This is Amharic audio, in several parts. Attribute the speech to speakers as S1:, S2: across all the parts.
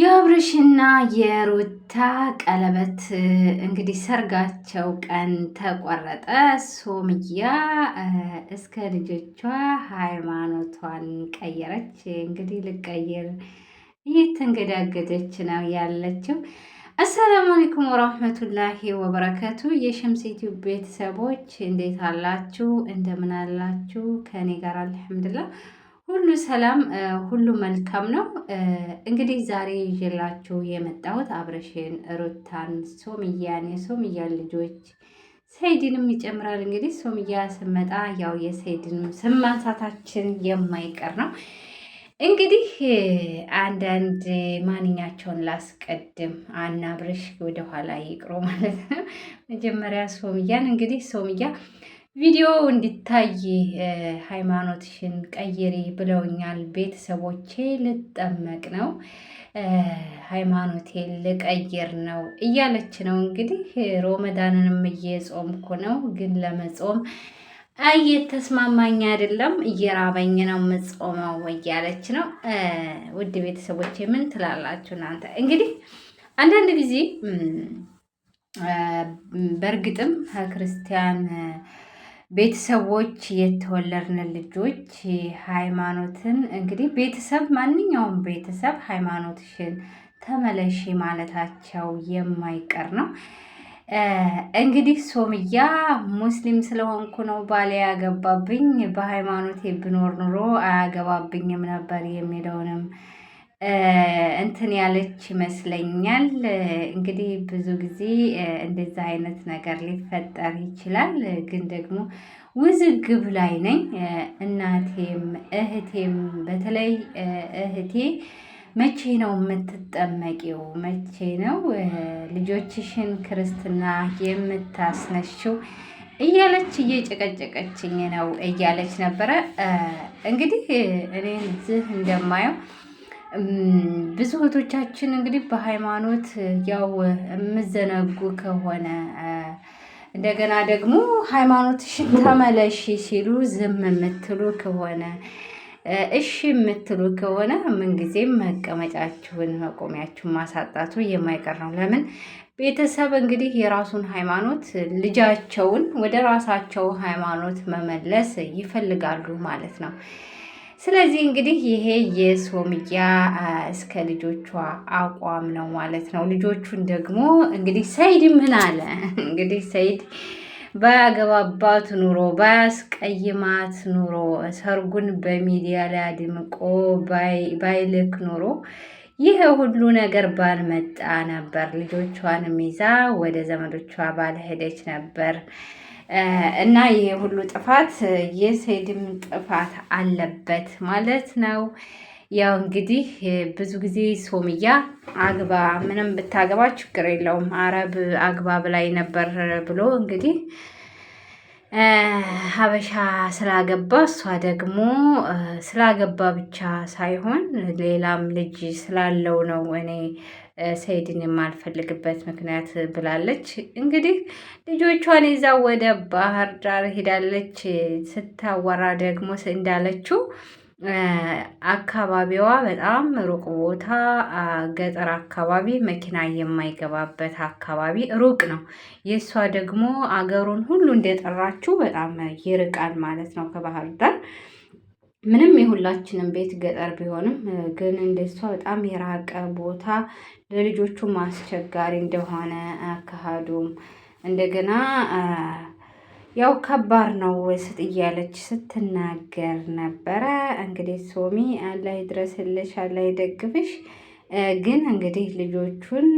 S1: የአብርሽና የሩታ ቀለበት እንግዲህ ሰርጋቸው ቀን ተቆረጠ። ሶምያ እስከ ልጆቿ ሃይማኖቷን ቀየረች። እንግዲህ ልቀይር እየተንገዳገደች ነው ያለችው። አሰላሙ አለይኩም ወራህመቱላሂ ወበረከቱ። የሸምሴቱ ቤተሰቦች እንዴት አላችሁ? እንደምን አላችሁ? ከእኔ ጋር አልሐምድላ ሁሉ ሰላም፣ ሁሉ መልካም ነው። እንግዲህ ዛሬ ይዤላችሁ የመጣሁት አብረሽን፣ ሩታን፣ ሶምያን የሶምያን ልጆች ሰይድንም ይጨምራል። እንግዲህ ሶምያ ስመጣ ያው የሰይድን ስም ማንሳታችን የማይቀር ነው። እንግዲህ አንዳንድ ማንኛቸውን ላስቀድም፣ አናብረሽ ወደኋላ ይቅሮ ማለት ነው። መጀመሪያ ሶምያን እንግዲህ ሶምያ ቪዲዮ እንዲታይ ሃይማኖትሽን ቀይሪ ብለውኛል ቤተሰቦቼ። ልጠመቅ ነው ሃይማኖቴ ልቀይር ነው እያለች ነው እንግዲህ። ሮመዳንንም እየጾምኩ ነው፣ ግን ለመጾም እየተስማማኝ አይደለም፣ እየራበኝ ነው የምጾመው እያለች ነው። ውድ ቤተሰቦቼ ምን ትላላችሁ እናንተ? እንግዲህ አንዳንድ ጊዜ በእርግጥም ከክርስቲያን ቤተሰቦች የተወለድን ልጆች ሃይማኖትን እንግዲህ ቤተሰብ ማንኛውም ቤተሰብ ሃይማኖትሽን ተመለሺ ማለታቸው የማይቀር ነው። እንግዲህ ሶምያ ሙስሊም ስለሆንኩ ነው ባሌ ያገባብኝ፣ በሃይማኖቴ ብኖር ኑሮ አያገባብኝም ነበር የሚለውንም እንትን ያለች ይመስለኛል። እንግዲህ ብዙ ጊዜ እንደዛ አይነት ነገር ሊፈጠር ይችላል። ግን ደግሞ ውዝግብ ላይ ነኝ። እናቴም እህቴም በተለይ እህቴ መቼ ነው የምትጠመቂው? መቼ ነው ልጆችሽን ክርስትና የምታስነሽው? እያለች እየጨቀጨቀችኝ ነው እያለች ነበረ። እንግዲህ እኔ ዝህ እንደማየው ብዙ እህቶቻችን እንግዲህ በሃይማኖት ያው የምዘነጉ ከሆነ እንደገና ደግሞ ሃይማኖትሽን ተመለሽ ሲሉ ዝም የምትሉ ከሆነ እሺ የምትሉ ከሆነ ምንጊዜም መቀመጫችሁን መቆሚያችሁን ማሳጣቱ የማይቀር ነው። ለምን ቤተሰብ እንግዲህ የራሱን ሃይማኖት ልጃቸውን ወደ ራሳቸው ሃይማኖት መመለስ ይፈልጋሉ ማለት ነው። ስለዚህ እንግዲህ ይሄ የሶምያ እስከ ልጆቿ አቋም ነው ማለት ነው። ልጆቹን ደግሞ እንግዲህ ሰይድ ምን አለ እንግዲህ ሰይድ ባያገባባት ኑሮ ባያስቀይማት ኑሮ ሰርጉን በሚዲያ ላይ አድምቆ ባይልክ ኑሮ ይህ ሁሉ ነገር ባልመጣ ነበር። ልጆቿንም ይዛ ወደ ዘመዶቿ ባልሄደች ነበር። እና ይሄ ሁሉ ጥፋት የሴድም ጥፋት አለበት ማለት ነው። ያው እንግዲህ ብዙ ጊዜ ሶምያ አግባ ምንም ብታገባ ችግር የለውም አረብ አግባ ብላይ ነበር ብሎ እንግዲህ ሀበሻ ስላገባ እሷ ደግሞ ስላገባ ብቻ ሳይሆን ሌላም ልጅ ስላለው ነው እኔ ሰይድን የማልፈልግበት ምክንያት ብላለች። እንግዲህ ልጆቿን ይዛ ወደ ባህር ዳር ሄዳለች። ስታወራ ደግሞ እንዳለችው አካባቢዋ በጣም ሩቅ ቦታ ገጠር አካባቢ መኪና የማይገባበት አካባቢ ሩቅ ነው። የእሷ ደግሞ አገሩን ሁሉ እንደጠራችው በጣም ይርቃል ማለት ነው ከባህር ዳር። ምንም የሁላችንም ቤት ገጠር ቢሆንም ግን እንደሷ በጣም የራቀ ቦታ ለልጆቹም አስቸጋሪ እንደሆነ አካሄዱም እንደገና ያው ከባድ ነው ስጥ እያለች ስትናገር ነበረ። እንግዲህ ሶሚ አላህ ይድረስልሽ፣ አላህ ይደግፍሽ። ግን እንግዲህ ልጆቹን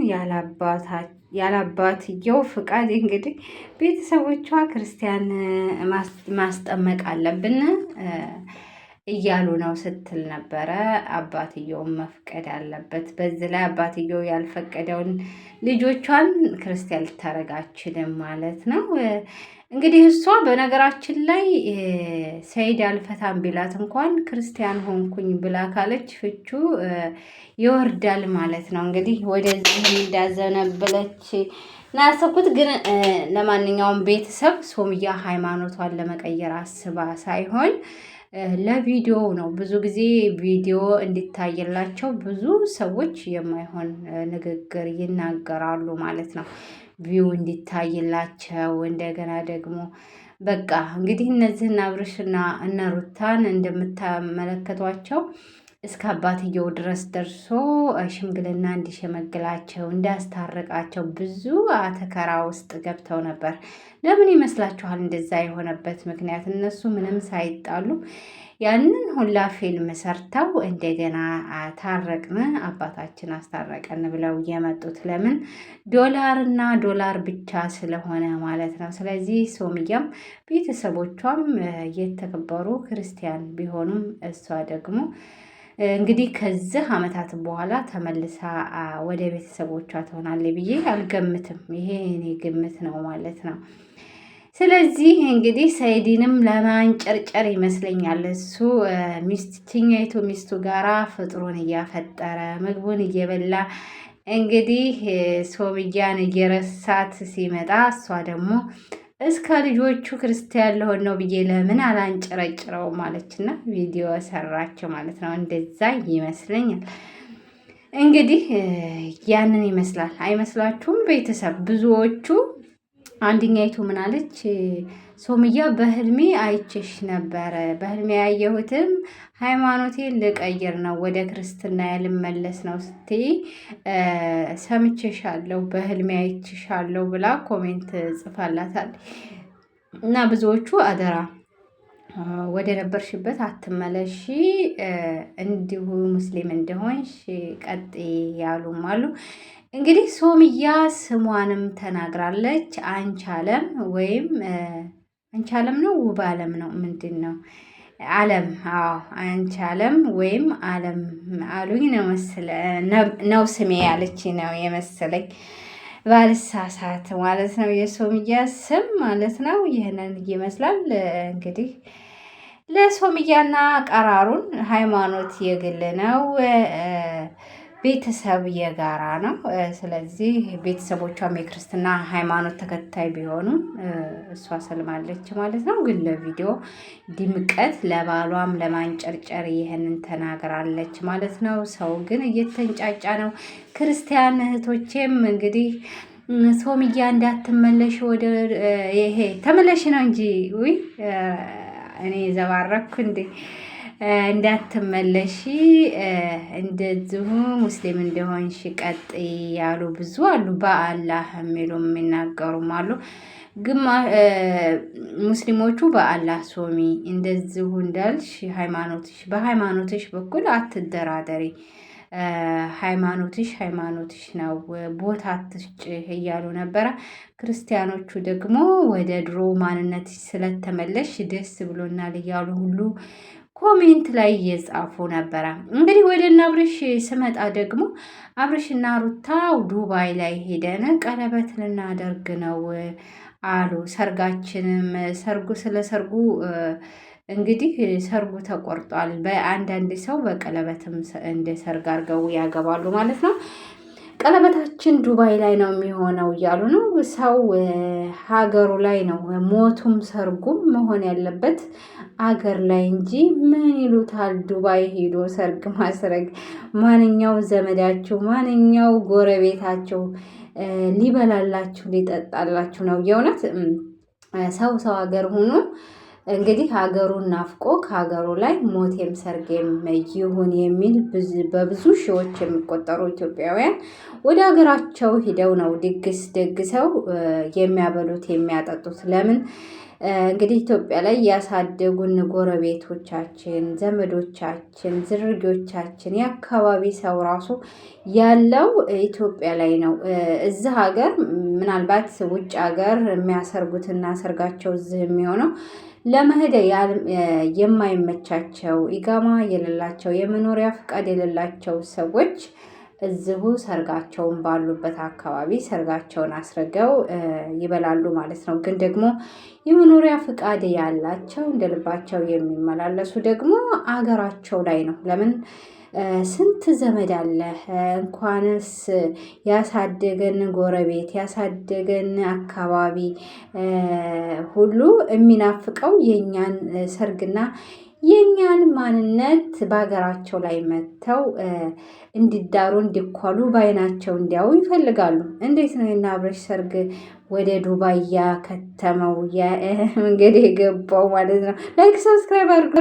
S1: ያላባትየው ፍቃድ እንግዲህ ቤተሰቦቿ ክርስቲያን ማስጠመቅ አለብን። እያሉ ነው ስትል ነበረ። አባትየውን መፍቀድ አለበት። በዚህ ላይ አባትየው ያልፈቀደውን ልጆቿን ክርስቲያን ልታረጋችልም ማለት ነው። እንግዲህ እሷ በነገራችን ላይ ሰይድ አልፈታም ቢላት እንኳን ክርስቲያን ሆንኩኝ ብላ ካለች ፍቹ ይወርዳል ማለት ነው። እንግዲህ ወደዚህ እንዳዘነበለች እና ያሰብኩት ግን ለማንኛውም ቤተሰብ ሶምያ ሃይማኖቷን ለመቀየር አስባ ሳይሆን ለቪዲዮ ነው። ብዙ ጊዜ ቪዲዮ እንዲታይላቸው ብዙ ሰዎች የማይሆን ንግግር ይናገራሉ ማለት ነው። ቪው እንዲታይላቸው እንደገና ደግሞ በቃ እንግዲህ እነዚህን አብርሽና እነ ሩታን እንደምታመለከቷቸው እስከ አባትየው ድረስ ደርሶ ሽምግልና እንዲሸመግላቸው እንዲያስታርቃቸው ብዙ አተከራ ውስጥ ገብተው ነበር። ለምን ይመስላችኋል እንደዛ የሆነበት ምክንያት? እነሱ ምንም ሳይጣሉ ያንን ሁላ ፊልም ሰርተው እንደገና ታረቅን፣ አባታችን አስታረቀን ብለው የመጡት ለምን ዶላርና ዶላር ብቻ ስለሆነ ማለት ነው። ስለዚህ ሶምያም ቤተሰቦቿም የተከበሩ ክርስቲያን ቢሆኑም እሷ ደግሞ እንግዲህ ከዚህ ዓመታት በኋላ ተመልሳ ወደ ቤተሰቦቿ ትሆናለች ብዬ አልገምትም። ይሄ እኔ ግምት ነው ማለት ነው። ስለዚህ እንግዲህ ሰይድንም ለማንጨርጨር ይመስለኛል እሱ ሚስት ሚስቱ ጋራ ፍጥሩን እያፈጠረ ምግቡን እየበላ እንግዲህ ሶብያን እየረሳት ሲመጣ እሷ ደግሞ እስከ ልጆቹ ክርስቲያን ለሆን ነው ብዬ ለምን አላንጨረጭረው ማለችና ቪዲዮ ሰራቸው ማለት ነው። እንደዛ ይመስለኛል። እንግዲህ ያንን ይመስላል። አይመስላችሁም? ቤተሰብ ብዙዎቹ አንድኛይቱ ምናለች ሶምያ በህልሜ አይችሽ ነበረ። በህልሜ ያየሁትም ሃይማኖቴን ልቀይር ነው፣ ወደ ክርስትና ያልመለስ ነው ስትይ ሰምቼሻለሁ፣ በህልሜ አይችሻለሁ ብላ ኮሜንት ጽፋላታል እና ብዙዎቹ አደራ ወደ ነበርሽበት አትመለሺ፣ እንዲሁ ሙስሊም እንደሆንሽ ቀጥ ያሉም አሉ። እንግዲህ ሶምያ ስሟንም ተናግራለች። አንቻለም ወይም አንቻለም ነው ውብ አለም ነው ምንድን ነው አለም? አዎ አንቻለም ወይም አለም አሉኝ ነው ስሜ ያለች ነው የመሰለኝ ባልሳሳት ማለት ነው። የሶምያ ስም ማለት ነው። ይህንን ይመስላል እንግዲህ ለሶምያና ቀራሩን ሃይማኖት የግል ነው፣ ቤተሰብ የጋራ ነው። ስለዚህ ቤተሰቦቿም የክርስትና ሃይማኖት ተከታይ ቢሆኑም እሷ ሰልማለች ማለት ነው። ግን ለቪዲዮ ድምቀት ለባሏም ለማንጨርጨር ይህንን ተናግራለች ማለት ነው። ሰው ግን እየተንጫጫ ነው። ክርስቲያን እህቶቼም እንግዲህ ሶምያ እንዳትመለሽ ወደ ይሄ ተመለሽ ነው እንጂ ውይ እኔ ዘባረኩ እንዴ እንዳትመለሺ እንደዚሁ ሙስሊም እንደሆንሽ ቀጥ ያሉ ብዙ አሉ። በአላህ የሚሉ የሚናገሩም አሉ። ግማ ሙስሊሞቹ በአላህ ሶሚ እንደዚሁ እንዳልሽ ሃይማኖትሽ በሃይማኖትሽ በኩል አትደራደሪ ሃይማኖትሽ ሃይማኖትሽ ነው ቦታ ትጭ እያሉ ነበረ። ክርስቲያኖቹ ደግሞ ወደ ድሮ ማንነትሽ ስለተመለሽ ደስ ብሎናል እያሉ ሁሉ ኮሜንት ላይ እየጻፉ ነበረ። እንግዲህ ወደ እነ አብርሽ ስመጣ ደግሞ አብርሽና ሩታ ዱባይ ላይ ሄደን ቀለበት ልናደርግ ነው አሉ። ሰርጋችንም ሰርጉ ስለ ሰርጉ እንግዲህ ሰርጉ ተቆርጧል። በአንዳንድ ሰው በቀለበትም እንደ ሰርግ አድርገው ያገባሉ ማለት ነው። ቀለበታችን ዱባይ ላይ ነው የሚሆነው እያሉ ነው። ሰው ሀገሩ ላይ ነው ሞቱም ሰርጉም መሆን ያለበት አገር ላይ እንጂ ምን ይሉታል ዱባይ ሄዶ ሰርግ ማስረግ ማንኛው ዘመዳችሁ ማንኛው ጎረቤታችሁ ሊበላላችሁ ሊጠጣላችሁ ነው። የእውነት ሰው ሰው ሀገር ሆኖ እንግዲህ ሀገሩን ናፍቆ ከሀገሩ ላይ ሞቴም ሰርጌም ይሁን የሚል በብዙ ሺዎች የሚቆጠሩ ኢትዮጵያውያን ወደ ሀገራቸው ሂደው ነው ድግስ ደግሰው የሚያበሉት የሚያጠጡት። ለምን እንግዲህ ኢትዮጵያ ላይ ያሳደጉን ጎረቤቶቻችን፣ ዘመዶቻችን፣ ዝርጌዎቻችን የአካባቢ ሰው ራሱ ያለው ኢትዮጵያ ላይ ነው። እዚህ ሀገር ምናልባት ውጭ ሀገር የሚያሰርጉትና ሰርጋቸው እዚህ የሚሆነው ለመሄድ የማይመቻቸው ኢጋማ የሌላቸው የመኖሪያ ፍቃድ የሌላቸው ሰዎች እዚሁ ሰርጋቸውን ባሉበት አካባቢ ሰርጋቸውን አስረገው ይበላሉ ማለት ነው። ግን ደግሞ የመኖሪያ ፍቃድ ያላቸው እንደ ልባቸው የሚመላለሱ ደግሞ አገራቸው ላይ ነው። ለምን ስንት ዘመድ አለ። እንኳንስ ያሳደገን ጎረቤት ያሳደገን አካባቢ ሁሉ የሚናፍቀው የእኛን ሰርግና የእኛን ማንነት በሀገራቸው ላይ መጥተው እንዲዳሩ እንዲኳሉ በአይናቸው እንዲያው ይፈልጋሉ። እንዴት ነው የእነ ሰርግ ወደ ዱባይ ያከተመው መንገድ የገባው ማለት ነው? ላይክ ሰብስክራይብ አድርጉ።